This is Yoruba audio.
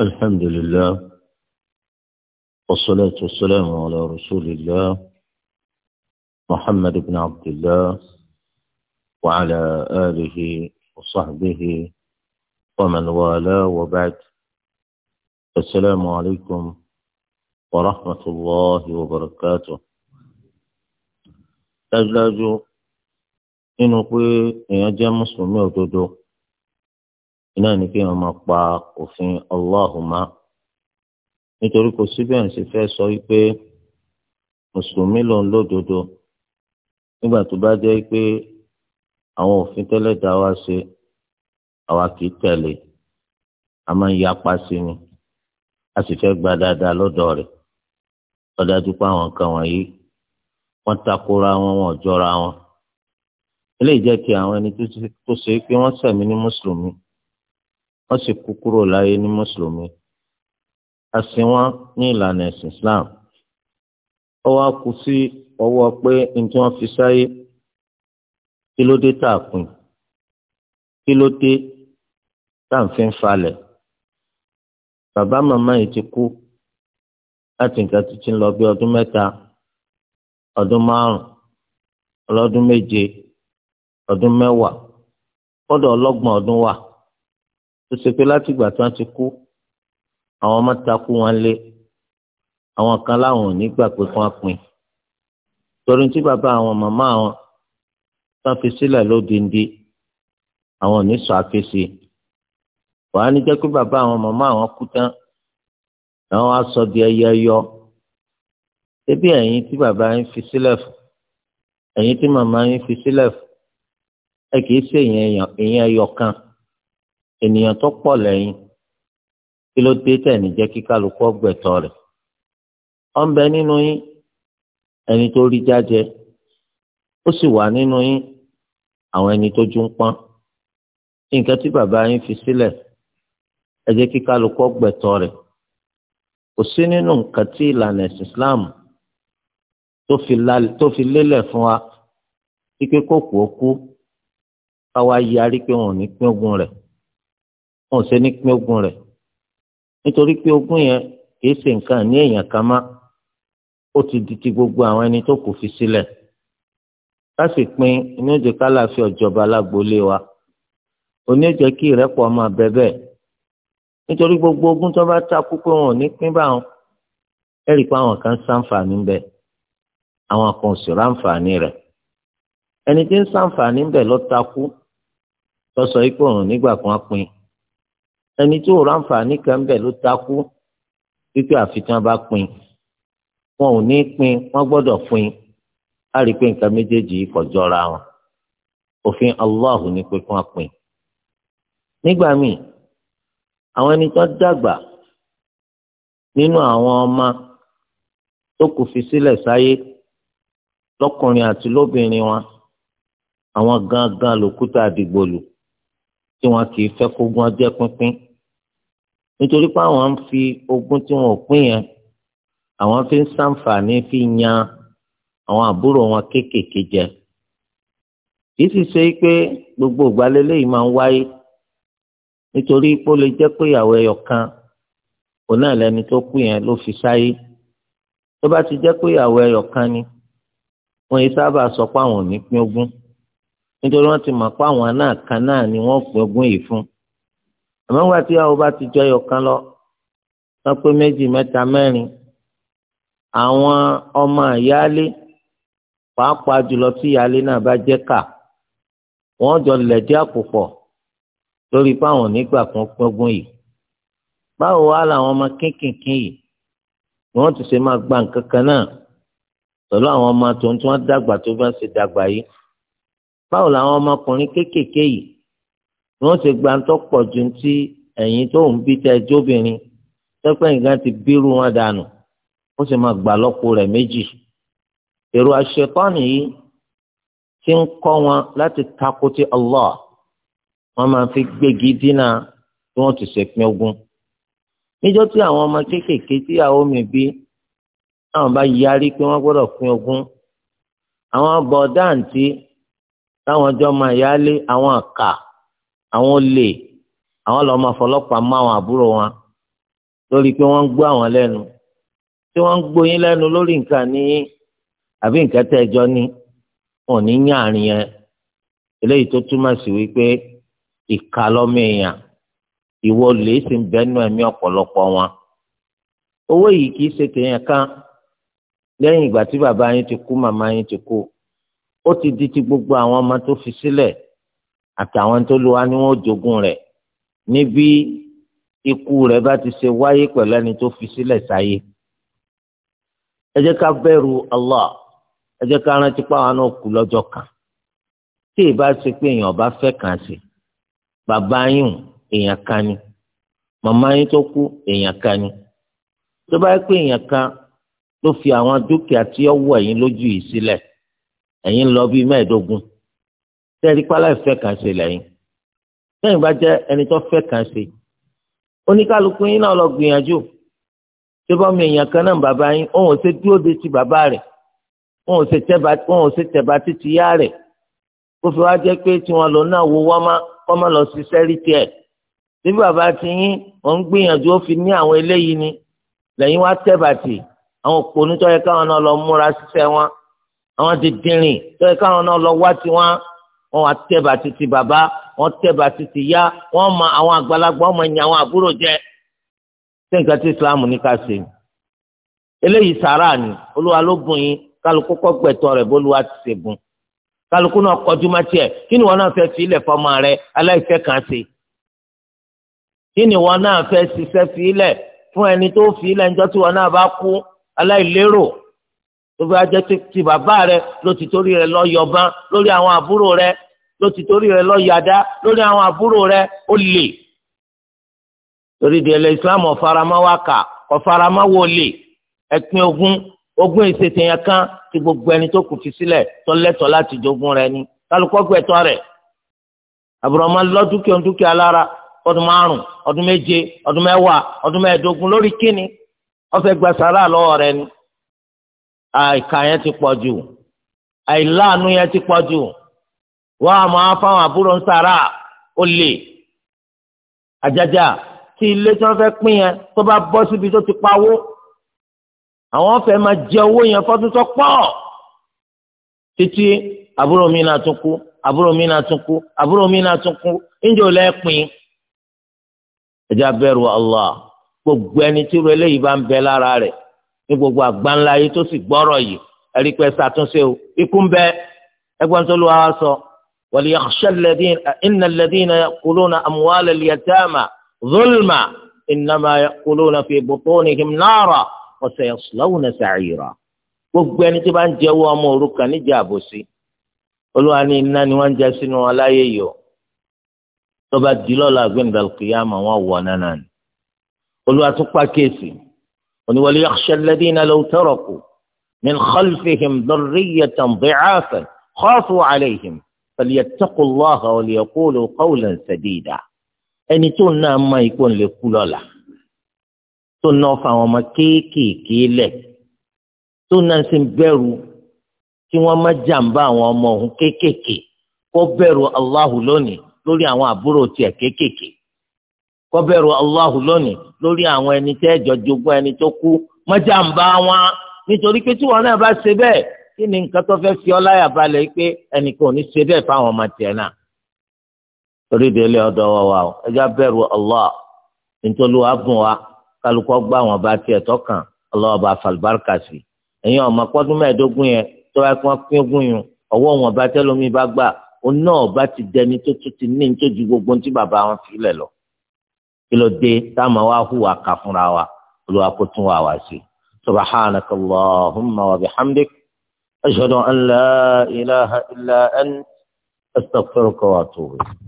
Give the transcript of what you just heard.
الحمد لله والصلاة والسلام على رسول الله محمد بن عبد الله وعلى آله وصحبه ومن والاه وبعد السلام عليكم ورحمة الله وبركاته أجلاجو إنه قوي èèyàn jẹ́ mùsùlùmí iná ní kí wọn máa pa òfin Allahumma nítorí kò síbẹ̀ ń sì fẹ́ sọ wípé mùsùlùmí ló ń lódodo nígbà tó bá jẹ́ pé àwọn òfin tẹ́lẹ̀ dá wa ṣe àwa kì í tẹ̀lé a máa ń yapa sí ni a sì fẹ́ gba dáadáa lọ́dọ̀ rẹ̀ lọ́dájú pé àwọn nǹkan wọ̀nyí wọ́n takora wọn wọn jọra wọn eléyìí jẹ́ kí àwọn ẹni tó ṣe pé wọ́n ṣẹ̀mí ní mùsùlùmí wọ́n sì kú kúrò láyé ní mùsùlùmí a sin wọn ní ìlànà ẹ̀sìn Islam ó wá kú sí ọwọ́ pé ní tí wọ́n fi sáyé kí ló dé tá a pin kí ló dé tá à ń fi ń falẹ̀ bàbá màmá yìí ti kú láti nǹkan títí lọ bí ọdún mẹ́ta ọdún márùn-ún ọlọ́dún méje ọdún mẹ́wàá kọ́dọ̀ ọlọ́gbọ̀n ọdún wà tó ṣe pé látìgbà tí wọ́n ti kú àwọn ọmọ takú wọn lé àwọn kan láwọn ò ní gbà pé kí wọ́n pín torí tí bàbá àwọn màmá àwọn tó fi sílẹ̀ lódindi àwọn ò ní sọ àfẹsí wàá ní jẹ́ pé bàbá àwọn màmá àwọn kú tán àwọn aṣọ di ẹyẹ yọ ṣebí ẹ̀yin tí bàbá yín fi sílẹ̀ fún ẹ̀yin tí màmá yín fi sílẹ̀ fún ẹ kì ṣe ìyẹn ẹyọ kan ènìyàn tó pọ̀ lẹ́yìn kí ló dé tẹ̀lé jẹ́ kí kálukú ọgbẹ̀tọ̀ rẹ̀ ó ń bẹ nínú yín ẹni tó rí jájẹ ó sì wà nínú yín àwọn ẹni tó jú pọ́n nǹkan tí bàbá yín fi sílẹ̀ ẹ jẹ́ kí kálukú ọgbẹ̀tọ̀ rẹ̀ kò sí nínú nǹkan tí ìlànà ẹ̀sìn Islam tó fi lélẹ̀ fún wa kíkẹ́ kó kú ó kú káwá yarí pé wọn ò ní pín ogún rẹ̀ wọn ò ṣe ní pín ogún rẹ̀ nítorí pé ogún yẹn kìí ṣe nǹkan ní èèyàn kan má ó ti di ti gbogbo àwọn ẹni tó kù fi sílẹ̀ ká sì pín inú ìjẹ kálàfi ọ̀jọ̀ba alágboolé wa òní ìjẹ kí ìrẹ́pọ̀ máa bẹ bẹ́ẹ̀ nítorí gbogbo ogún tó bá takú pé wọn ò ní pín báwọn ẹ̀rí pé àwọn kan ṣàǹfààní bẹ́ẹ̀ àwọn kan ò sì ráǹfààní rẹ̀ ẹni tí ń ṣàǹfààní bẹ́ẹ̀ ló takú lọ sọ ipò òun nígbà kan pín ẹni tí òòrùn àǹfààní kan bẹ̀ ló takú wípé àfitán bá pín wọn ò ní pín wọn gbọ́dọ̀ pín á rí i pé nǹkan méjèèjì yìí kò jọra wọn òfin Allahu ní pé kí wọ́n pín. nígbà míì àwọn ẹni tó dàgbà nínú àwọn ọmọ tó kù fi sílẹ̀ sáyé lọ́kùnrin àti lóbìnrin wọn àwọn gangan lòkúta àdìgbòlù tí wọn kì í fẹ́ kógun ọjọ́ pínpín nítorí pé àwọn ń fi ogún tí wọn ò pín yẹn àwọn fi ń ṣàǹfààní fi yan àwọn àbúrò wọn kéékèèké jẹ kì í sì ṣe pé gbogbo ìgbàlélẹ́ yìí máa ń wáyé nítorí pé ó lè jẹ́ pé ìyàwó ẹyọ kan òun náà lẹni tó kú yẹn ló fi sáyé tó bá ti jẹ́ pé ìyàwó ẹyọ kan ni wọ́n yìí sábà sọ pé àwọn ò ní pín ogún nítorí wọ́n ti mọ̀ pé àwọn náà kan náà ni wọ́n gbọ́gbọ́n yìí fún àmọ́ ńgbà tí àwọn bá ti jọ ẹyọ kan lọ wọ́n pé méjì mẹ́ta mẹ́rin àwọn ọmọ ìyáálé pàápàá jùlọ tí ìyáálé náà bá jẹ́ kà wọ́n jọ lẹ̀dí àpòpọ̀ lórí fáwọn onígbà kan gbọ́gbọ́n yìí báwo wá làwọn ọmọ kínkìnkín yìí ni wọ́n ti ṣe máa gba nǹkan kan náà pẹ̀lú àwọn ọmọ tó ń tí wọ́n dàgbà tó bá ń ṣe dàgbà yìí báwo làwọn ọmọkùnrin kéékèèké yìí wọ́n ṣe gba tó pọ̀ ju ti ẹ̀yìn tó ń bí tẹ́ jóbìnrin tẹ́pẹ́ nǹkan ti bírú wọn dànù ó sì máa gbà lọ́pọ̀ rẹ̀ méjì èrò àṣetọ́nì yìí ti ń kọ́ wọn láti takò Allah wọ́n máa fi gbégi dínà tí wọ́n ti ṣèpin ogun níjọ́ tí àwọn ọmọ kéékèèké tí àwọn omi bí àwọn bá yarí pé wọ́n gbọ́dọ̀ pin ogun àwọn bọ̀dáǹtì táwọn ọjọ́ máa yálé àwọn àkà àwọn olè àwọn lọ́ọ́ máa fọlọ́pàá mọ́ àwọn àbúrò wọn lórí pé wọ́n ń gbọ́ àwọn lẹ́nu tí wọ́n ń gbóyin lẹ́nu lórí nǹkan ní àbí nǹkan tẹ́ ẹjọ́ ní wọn ní yàrin yẹn eléyìí tó túmọ̀ sí wípé ìka lọ́mọ èèyàn ìwọ lè sì ń bẹ́nu ẹ̀mí ọ̀pọ̀lọpọ̀ wọn owó yìí kì í ṣe tèèyàn kan lẹ́yìn ìgbà tí bàbá yín ti kú màmá yín ti kú ó ti di ti gbogbo àwọn ọmọ tó fi sílẹ̀ àtàwọn tó lu wa ni wọ́n jogún rẹ̀ níbi ikú rẹ̀ bá ti ṣe wáyé pẹ̀lú ẹni tó fi sílẹ̀ sáyé ẹ jẹ́ ká bẹ̀rù Allah ẹ jẹ́ ká rántí páwọn náà kú lọ́jọ́ kan tí ìbá ṣe pé èèyàn bá fẹ́ kàn sí bàbá yín èèyàn kan ni màmá yín tó kú èèyàn kan ni tó bá yẹ pé èèyàn kan ló fi àwọn dúkìá tí ó wọ̀ yín lójú yìí sílẹ̀. Si ẹ̀yin lọ bíi mẹ́ẹ̀ẹ́dógún tẹ́ẹ̀rí pálá ìfẹ́ kan ṣe lẹ́yìn tẹ́yìn bá jẹ́ ẹni tó fẹ́ kan ṣe oníkálukú yín náà lọ gbìyànjú tí bọ́mọ èèyàn kan náà bàbá yín òun ò ṣe dúró de ti bàbá rẹ̀ òun ò ṣe tẹ̀bà títí yá rẹ̀ kó fi wá jẹ́ pé tí wọ́n náà wo wọ́n má kọ́ má lọ ṣiṣẹ́ rí tiẹ̀ tí bàbá ti yín òun gbìyànjú ó fi ní àwọn eléyìí ni lẹ́yìn wá tẹ̀bà tì àwọn òpònú tó yẹ káwọn náà lọ múra ṣiṣẹ́ wọn àwọn ti dìrìn tó yẹ káwọn náà lọ wá tiwọn wọn wá tẹ̀bà títí bàbá wọn tẹ̀bà títí yá wọn mọ àwọn àgbàlagbà wọn mọ ẹ̀yìn àwọn àbúrò jẹ ṣé nǹkan tí Islam ní ká ṣe eléyìí sàrà ni olúwa ló bùn yín kálukú kọ́ gbẹ̀tọ́ rẹ̀ bólúwa ti ṣe bùn kálukú náà kọjú má tiẹ̀ kí ni wọn náà fẹ́ fi ilẹ̀ fọmọ rẹ aláìfẹ́ kan ṣe kí ni wọn náà fẹ́ ṣiṣẹ́ fi ilẹ̀ fún ẹni tó fi ilẹ̀ níjọ́ tí wọn náà bá kú aláìlérò tó bá jẹ́ ti bàbá rẹ ló ti torí rẹ lọ yọba lórí àwọn àbúrò rẹ ló ti torí rẹ lọ yàdá lórí àwọn àbúrò rẹ ó lè torí di ẹlẹ islam ọ̀faramọ́ wa kà ọ̀faramọ́ wo lè ẹ̀pin ogún ogún ìṣètìyàn kan ti gbogbo ẹni tó kù fi sílẹ̀ tọ́lẹ́tọ̀ láti jogún rẹ ni kálukọ́ gbẹ̀tọ́ rẹ̀ àbùrọ̀mọ́ lọ́dúnkìá dúkìá lára ọdún márùn ọdún méje ọdún mẹ́wàá ọdún mẹ́ẹ̀ẹ́dógún lórí kíni ọ̀fẹ́ gba sàrà rẹ ni àìkà yẹn ti pọ̀ jù àìláàánú yẹn ti pọ̀ jù wọ́n á máa fáwọn àbúrò ń sàrà ó lè àjàjà tí ilé tí wọ́n fẹ́ pín yẹn tó bá bọ́ síbi tó ti pawó àwọn fẹ́ máa jẹ owó yẹn fọ́dún tó pọ̀ títí àbúrò mi náà tún kú àbúrò mi náà tún kú àbúrò mi náà tún kú ǹjẹ́ ò lẹ́ẹ̀pin ẹ̀jẹ̀ abẹ́rù Allah gbogbo ẹni tí irú eléyìí bá ń bẹ lára rẹ̀ ní gbogbo àgbáńlá yìí tó sì gbọ́rọ̀ yìí ẹ̀rí pé ṣàtúnṣe o ikú ń bẹ ẹgbọ́n tó lù wá sọ waliyakhsha alladhina inna alladhina ya'kuluna amwala al-yatama zulma innama ya'kuluna fi butunihim nara wa sayaslawna sa'ira gbogbo ẹni tí bá ń jẹ owó ọmọ òrukàn níjà àbòsí olúwa ní iná ni wọ́n ń sínú aláyé yìí o tó bá di lọ́la wọ̀ nánà ni olúwa tún pàkíyèsí وليخشى الذين لو تركوا من خلفهم ذرية ضعافا خافوا عليهم فليتقوا الله وليقولوا قولا سديدا ẹni tó ń náà máa ikú lè kú lọ́la tó ń náà fa àwọn ọmọ kéékèèké lẹ̀ tó ń náà sì bẹ̀rù kí wọ́n má jàǹbá àwọn ọmọ òun kéékèèké kó bẹ̀rù Allahu lónìí lórí àwọn àbúrò tiẹ̀ kéékèèké kó bẹ̀rù Allahu lónìí lórí àwọn ẹni tẹ́ ẹ̀jọ́ jogún ẹni tó kú mọ́jà ń bá wọn nítorí pé tí wọn náà bá ṣe bẹ́ẹ̀ kí ni nǹkan tó fẹ́ fi ọ láyà balẹ̀ pé ẹnìkan ò ní ṣe bẹ́ẹ̀ fáwọn ọmọ tiẹ̀ náà torí délé ọ̀dọ̀ wa wa ẹ já Allah nítorí wàá bùn wa kálukọ́ gbá wọn bá tiẹ̀ tọ́kàn ọlọ́wọ́ bá falùbáríkà sí ẹ̀yin ọmọ pọ́dún mẹ́ẹ̀ẹ́dógún yẹn tó wáá kí wọ́n ogún yẹn ọwọ́ wọn bá tẹ́lómi bá gbà ó náà bá ti dẹni tó tún ti ní kí ló dé táwọn wa hùwà ká fúnra wa olúwa kó tún wà wá sí subhanaka allahumma wa bihamdik ashhadu an la ilaha illa ant astaghfiruka wa atubu.